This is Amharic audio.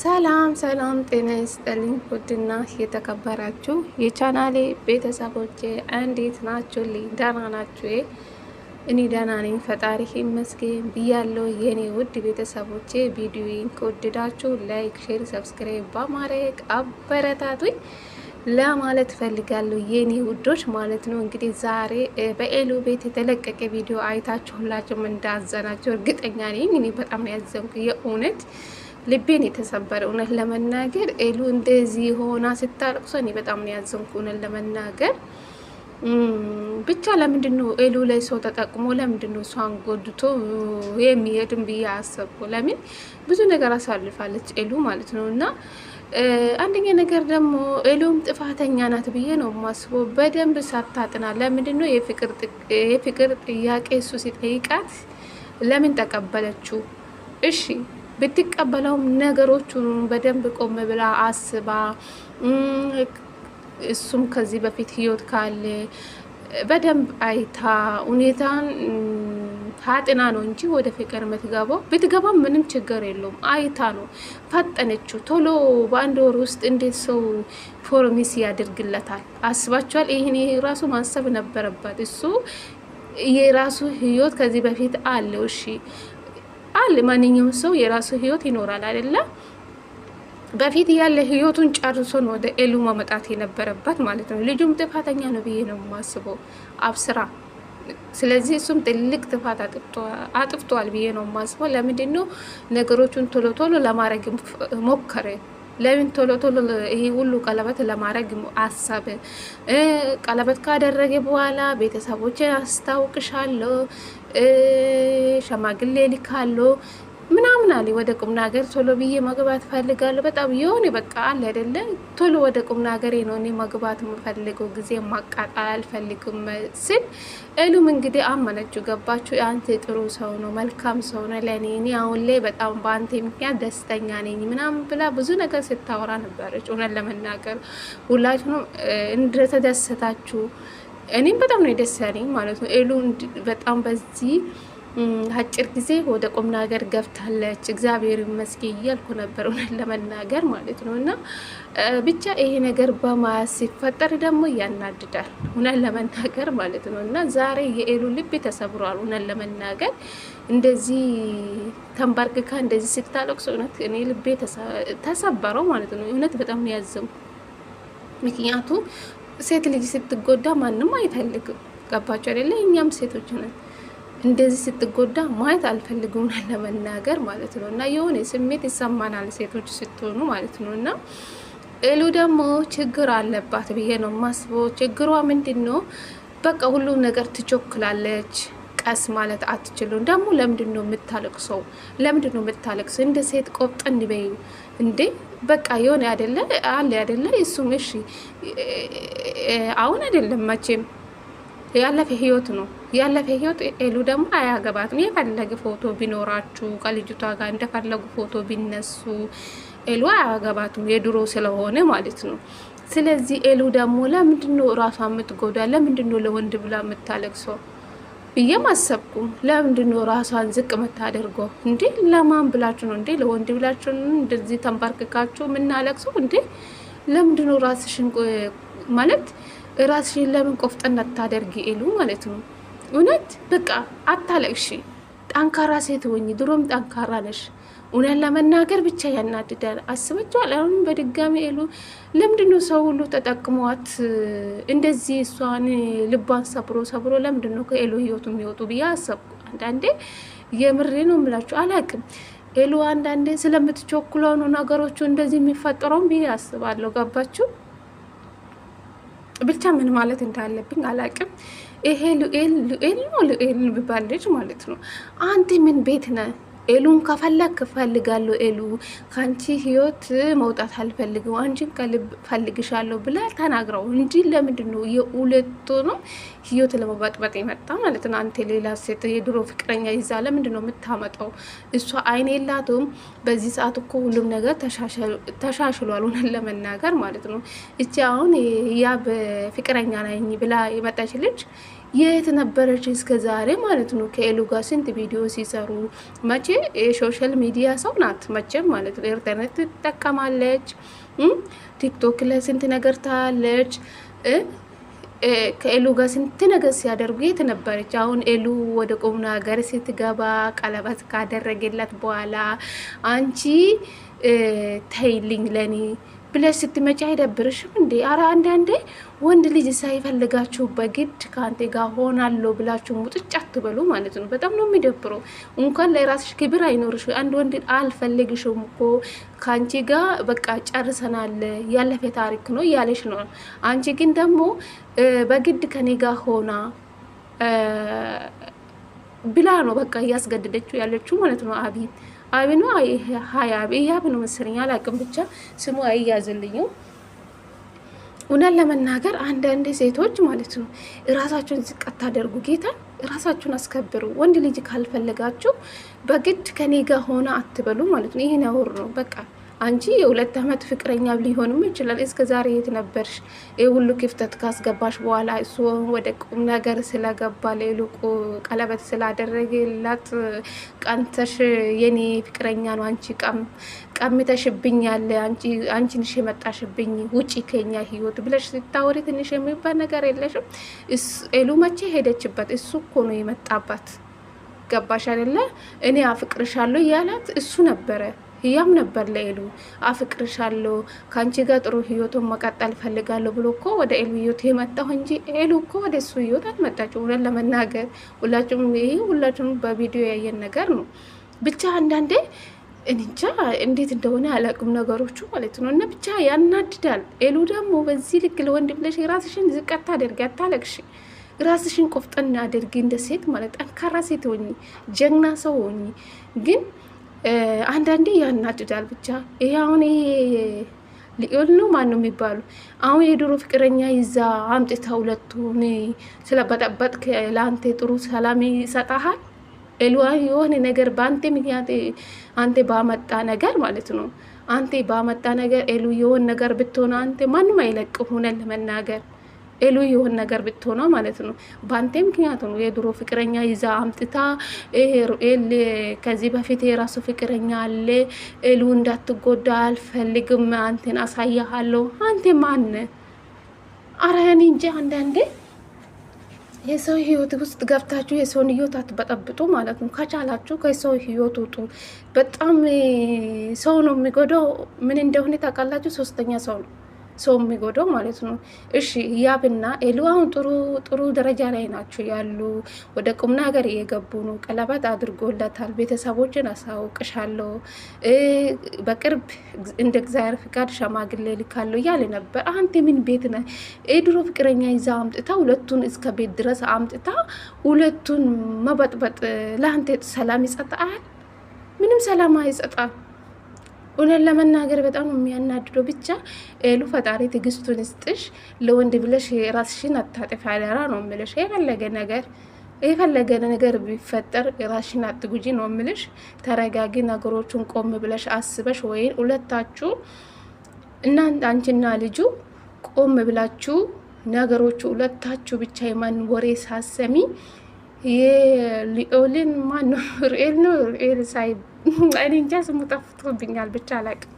ሰላም ሰላም፣ ጤና ይስጠልኝ። ውድና የተከበራችሁ የቻናሌ ቤተሰቦቼ እንዴት ናችሁ? ልኝ ደህና ናችሁ? እኔ ደህና ነኝ፣ ፈጣሪ ይመስገን ብያለሁ። የእኔ ውድ ቤተሰቦቼ ቪዲዮን ከወደዳችሁ ላይክ፣ ሼር፣ ሰብስክራይብ በማድረግ አበረታቱኝ ለማለት ፈልጋለሁ የኔ ውዶች ማለት ነው። እንግዲህ ዛሬ በኤሉ ቤት የተለቀቀ ቪዲዮ አይታችሁ ሁላችሁም እንዳዘናችሁ እርግጠኛ ነኝ። እኔ በጣም ያዘንኩ የእውነት ልቤን የተሰበረ እውነት ለመናገር ኤሉ እንደዚህ ሆና ስታለቅሶ እኔ በጣም ነው ያዘንኩ። እውነት ለመናገር ብቻ ለምንድን ነው ኤሉ ላይ ሰው ተጠቅሞ ለምንድን ነው እሷን ጎድቶ የሚሄድም ብዬ አሰብኩ። ለምን ብዙ ነገር አሳልፋለች ኤሉ ማለት ነው እና አንደኛ ነገር ደግሞ ኤሉም ጥፋተኛ ናት ብዬ ነው ማስቦ በደንብ ሳታጥና ለምንድን ነው የፍቅር ጥያቄ እሱ ሲጠይቃት ለምን ተቀበለችው? እሺ ብትቀበለውም ነገሮቹን በደንብ ቆም ብላ አስባ እሱም ከዚህ በፊት ህይወት ካለ በደንብ አይታ ሁኔታን ሀጥና ነው እንጂ ወደ ፍቅር የምትገባው። ብትገባ ምንም ችግር የለውም። አይታ ነው ፈጠነችው። ቶሎ በአንድ ወር ውስጥ እንዴት ሰው ፕሮሚስ ያደርግለታል? አስባችኋል? ይህን ራሱ ማሰብ ነበረባት። እሱ የራሱ ህይወት ከዚህ በፊት አለው። እሺ አለ ማንኛውም ሰው የራሱ ህይወት ይኖራል አይደለም። በፊት ያለ ህይወቱን ጨርሶ ነው ወደ ኤሉ መምጣት የነበረበት ማለት ነው። ልጁም ጥፋተኛ ነው ብዬ ነው የማስበው አብስራ። ስለዚህ እሱም ትልቅ ጥፋት አጥፍቷል ብዬ ነው የማስበው። ለምንድን ነው ነገሮቹን ቶሎ ቶሎ ለማድረግ ሞከረ? ለምን ቶሎ ቶሎ ይሄ ሁሉ ቀለበት ለማድረግ አሳብ? ቀለበት ካደረገ በኋላ ቤተሰቦችን አስታውቅሻለሁ፣ ሸማግሌ ልካለሁ ምናምን አለ ወደ ቁም ነገር ቶሎ ብዬ መግባት ፈልጋለሁ። በጣም የሆነ በቃ አለ አይደለ ቶሎ ወደ ቁም ነገር ነው እኔ መግባት የምፈልገው ጊዜ ማቃጣል አልፈልግም ስል እሉም እንግዲህ አመነችው። ገባችሁ? አንተ ጥሩ ሰው ነው፣ መልካም ሰው ነው ለእኔ እኔ አሁን ላይ በጣም በአንተ ምክንያት ደስተኛ ነኝ ምናምን ብላ ብዙ ነገር ስታወራ ነበረች። እውነት ለመናገር ሁላችሁም እንደተደሰታችሁ እኔም በጣም ነው የደስ ያለኝ ማለት ነው። እሉ በጣም በዚህ አጭር ጊዜ ወደ ቁም ነገር ገብታለች፣ እግዚአብሔር ይመስገን እያልኩ ነበር እውነት ለመናገር ማለት ነው። እና ብቻ ይሄ ነገር በማያስ ሲፈጠር ደግሞ ያናድዳል እውነት ለመናገር ማለት ነው። እና ዛሬ የኤሉ ልብ ተሰብሯል እውነት ለመናገር እንደዚህ ተንበርክካ እንደዚህ ስታለቅስ እውነት እኔ ልቤ ተሰበረው ማለት ነው። እውነት በጣም ነው ያዘሙ። ምክንያቱም ሴት ልጅ ስትጎዳ ማንም አይፈልግም። ገባቸው አይደለ? እኛም ሴቶች ነን እንደዚህ ስትጎዳ ማየት አልፈልግም ለመናገር ማለት ነው። እና የሆነ ስሜት ይሰማናል ሴቶች ስትሆኑ ማለት ነው። እና እሉ ደግሞ ችግር አለባት ብዬ ነው የማስበው። ችግሯ ምንድን ነው? በቃ ሁሉ ነገር ትቾክላለች። ቀስ ማለት አትችሉም። ደግሞ ለምንድን ነው የምታለቅሰው? ለምንድን ነው የምታለቅሰው? እንደ ሴት ቆብጠን በይ እንዴ! በቃ የሆነ አደለ አለ አደለ። እሱም እሺ አሁን አይደለም መቼም ያለፈ ህይወት ነው። ያለፈ ህይወት ኤሉ ደግሞ አያገባትም። የፈለገ ፎቶ ቢኖራችሁ ከልጅቷ ጋር እንደፈለጉ ፎቶ ቢነሱ ኤሉ አያገባትም፣ የድሮ ስለሆነ ማለት ነው። ስለዚህ ኤሉ ደግሞ ለምንድነው እራሷ የምትጎዳ? ለምንድነው ለወንድ ብላ የምታለቅሰው ብዬም አሰብኩም። ለምንድነው ራሷን ዝቅ የምታደርገው? እንዴ ለማን ብላችሁ ነው? እንዴ ለወንድ ብላችሁ እንደዚህ ተንበርክካችሁ የምናለቅሰው? እንዴ ለምንድነው ራስሽን ማለት ራስሽን ለምን ቆፍጠን አታደርጊ ኤሉ ማለት ነው። እውነት በቃ አታለቅሺ፣ ጠንካራ ሴት ወኝ ድሮም ጠንካራ ነሽ። እውነት ለመናገር ብቻ ያናድዳል። አስበችዋል። አሁን በድጋሚ ኤሉ ለምንድነው ነው ሰው ሁሉ ተጠቅሟት እንደዚህ እሷን ልቧን ሰብሮ ሰብሮ ለምንድነው ነው ከኤሉ ህይወቱ የሚወጡ ብዬ አሰብኩ። አንዳንዴ የምሬ ነው የምላችሁ አላቅም ኤሉ አንዳንዴ ስለምትቸኩለው ነው ነገሮቹ እንደዚህ የሚፈጠረውም ብዬ አስባለሁ። ገባችሁ? ብቻ ምን ማለት እንዳለብኝ አላቅም። ይሄ ሉኤል ሉኤል ነው ሉኤል ብባል ልጅ ማለት ነው። አንድ ምን ቤት ነህ ኤሉን ከፈለግ ፈልጋለሁ ኤሉ ከአንቺ ህይወት መውጣት አልፈልግም፣ አንቺን ከልብ ፈልግሻለሁ ብላ ተናግረው እንጂ ለምንድን ነው የሁለቱ ነው ህይወት ለመበጥበጥ የመጣ ማለት ነው። አንተ ሌላ ሴት የድሮ ፍቅረኛ ይዛ ለምንድን ነው የምታመጣው? እሷ አይን የላትም። በዚህ ሰዓት እኮ ሁሉም ነገር ተሻሽሏል፣ ሆነን ለመናገር ማለት ነው። እቺ አሁን ያ በፍቅረኛ ነኝ ብላ የመጣች ልጅ የት ነበረች እስከ ዛሬ ማለት ነው? ከኤሉ ጋር ስንት ቪዲዮ ሲሰሩ መቼ የሶሻል ሚዲያ ሰው ናት መቼም ማለት ነው። ኢንተርኔት ትጠቀማለች፣ ቲክቶክ ላይ ስንት ነገር ታያለች። ከኤሉ ጋር ስንት ነገር ሲያደርጉ የት ነበረች? አሁን ኤሉ ወደ ቁም ነገር ስትገባ ቀለበት ካደረገላት በኋላ አንቺ ተይልኝ ለኔ ብለሽ ስትመጪ አይደብርሽም እንዴ? አረ አንዳንዴ ወንድ ልጅ ሳይፈልጋችሁ በግድ ከአንቴ ጋር ሆናለሁ ብላችሁ ሙጥጭ አትበሉ ማለት ነው። በጣም ነው የሚደብረው። እንኳን ለራስሽ ክብር አይኖርሽ። አንድ ወንድ አልፈልግሽም እኮ ከአንቺ ጋር በቃ ጨርሰናል፣ ያለፈ ታሪክ ነው እያለሽ ነው። አንቺ ግን ደግሞ በግድ ከኔ ጋር ሆና ብላ ነው በቃ እያስገደደችው ያለችው ማለት ነው አቢ አብ ነው ሀያ አብ ያብ ነው መሰለኝ አላውቅም፣ ብቻ ስሙ አይያዝልኝም። እውነት ለመናገር አንዳንድ ሴቶች ማለት ነው እራሳቸውን ዝቅ አታደርጉ፣ ጌታ ራሳችሁን አስከብሩ። ወንድ ልጅ ካልፈለጋችሁ በግድ ከኔ ጋር ሆነ አትበሉ ማለት ነው። ይሄን ያወር ነው በቃ አንቺ የሁለት ዓመት ፍቅረኛ ሊሆንም ይችላል። እስከ ዛሬ የት ነበርሽ? ይህ ሁሉ ክፍተት ካስገባሽ በኋላ እሱ ወደ ቁም ነገር ስለገባ ሌሉቁ ቀለበት ስላደረገላት ቀንተሽ የኔ ፍቅረኛ ነው አንቺ ቀም ቀምተሽብኝ ያለ አንቺ ንሽ የመጣሽብኝ ውጪ ከኛ ህይወት ብለሽ ስታወሪ ትንሽ የሚባል ነገር የለሽም። ኤሉ መቼ ሄደችበት? እሱ እኮ ነው የመጣባት ገባሽ አይደለ? እኔ አፍቅርሻለሁ እያላት እሱ ነበረ። ህያም ነበር ለኤሉ አፍቅርሻለሁ፣ ከአንቺ ጋር ጥሩ ህይወቱን መቀጠል ፈልጋለሁ ብሎ እኮ ወደ ኤሉ ህይወት የመጣሁ እንጂ ኤሉ እኮ ወደ እሱ ህይወት አልመጣችው። እውነት ለመናገር ሁላችሁም ይሄ ሁላችሁም በቪዲዮ ያየን ነገር ነው። ብቻ አንዳንዴ እንጃ እንዴት እንደሆነ አላቅም ነገሮቹ ማለት ነው። እና ብቻ ያናድዳል። ኤሉ ደግሞ በዚህ ልክ ለወንድ ብለሽ ራስሽን ዝቀት አድርጊ፣ አታለቅሽ። ራስሽን ቆፍጠና አድርጊ፣ እንደ ሴት ማለት ጠንካራ ሴት ሆኚ፣ ጀግና ሰው ሆኚ ግን አንዳንዴ ያናድዳል። ብቻ ይሄ አሁን ይሄ ሊኦል ነው ማን ነው የሚባሉ አሁን የድሮ ፍቅረኛ ይዛ አምጥታ ሁለቱን ስለበጠበጥክ ለአንተ ጥሩ ሰላም ይሰጣሃል። የሆነ ነገር በአንተ ምክንያት አንተ ባመጣ ነገር ማለት ነው አንተ ባመጣ ነገር ሉ የሆን ነገር ብትሆነ አንተ ማንም አይለቅ ሆነን ለመናገር ኤሉ የሆን ነገር ብትሆነው ማለት ነው በአንቴ ምክንያት ነው። የድሮ ፍቅረኛ ይዛ አምጥታ ከዚህ በፊት የራሱ ፍቅረኛ አለ ኤሉ እንዳትጎዳ አልፈልግም፣ አንቴን አሳያሃለሁ። አንቴ ማን አራያን እንጂ አንዳንዴ የሰው ህይወት ውስጥ ገብታችሁ የሰውን ህይወት አትበጠብጡ ማለት ነው። ከቻላችሁ ከሰው ህይወት ውጡ። በጣም ሰው ነው የሚጎዳው። ምን እንደሆነ ታውቃላችሁ? ሶስተኛ ሰው ነው። ሰው የሚጎደው ማለት ነው። እሺ ያብና ኤሉ አሁን ጥሩ ጥሩ ደረጃ ላይ ናቸው ያሉ ወደ ቁም ነገር እየገቡ ነው። ቀለበት አድርጎለታል። ቤተሰቦችን አሳውቅሻለሁ፣ በቅርብ እንደ እግዚአብሔር ፍቃድ ሸማግሌ ልካለሁ እያለ ነበር። አንተ ምን ቤት ነ የድሮ ፍቅረኛ ይዛ አምጥታ ሁለቱን እስከ ቤት ድረስ አምጥታ ሁለቱን መበጥበጥ ለአንተ ሰላም ይጸጣል ምንም ሰላም ይጸጣል። እውነት ለመናገር በጣም የሚያናድዶ ብቻ ሉ ፈጣሪ ትግስቱን ስጥሽ። ለወንድ ብለሽ ራስሽን አታጥፊ፣ አደራ ነው ምልሽ። የፈለገ ነገር የፈለገ ነገር ቢፈጠር ራስሽን አትጉጂ ነው ምልሽ። ተረጋጊ፣ ነገሮቹን ቆም ብለሽ አስበሽ ወይ ሁለታችሁ እናንተ አንቺና ልጁ ቆም ብላችሁ ነገሮቹ ሁለታችሁ ብቻ የማን ወሬ ሳሰሚ የሊኦልን ማነው ሩኤል ነው ሩኤል ሳይ እኔ እንጃ ስሙ ጠፍቶብኛል ብቻ አላውቅም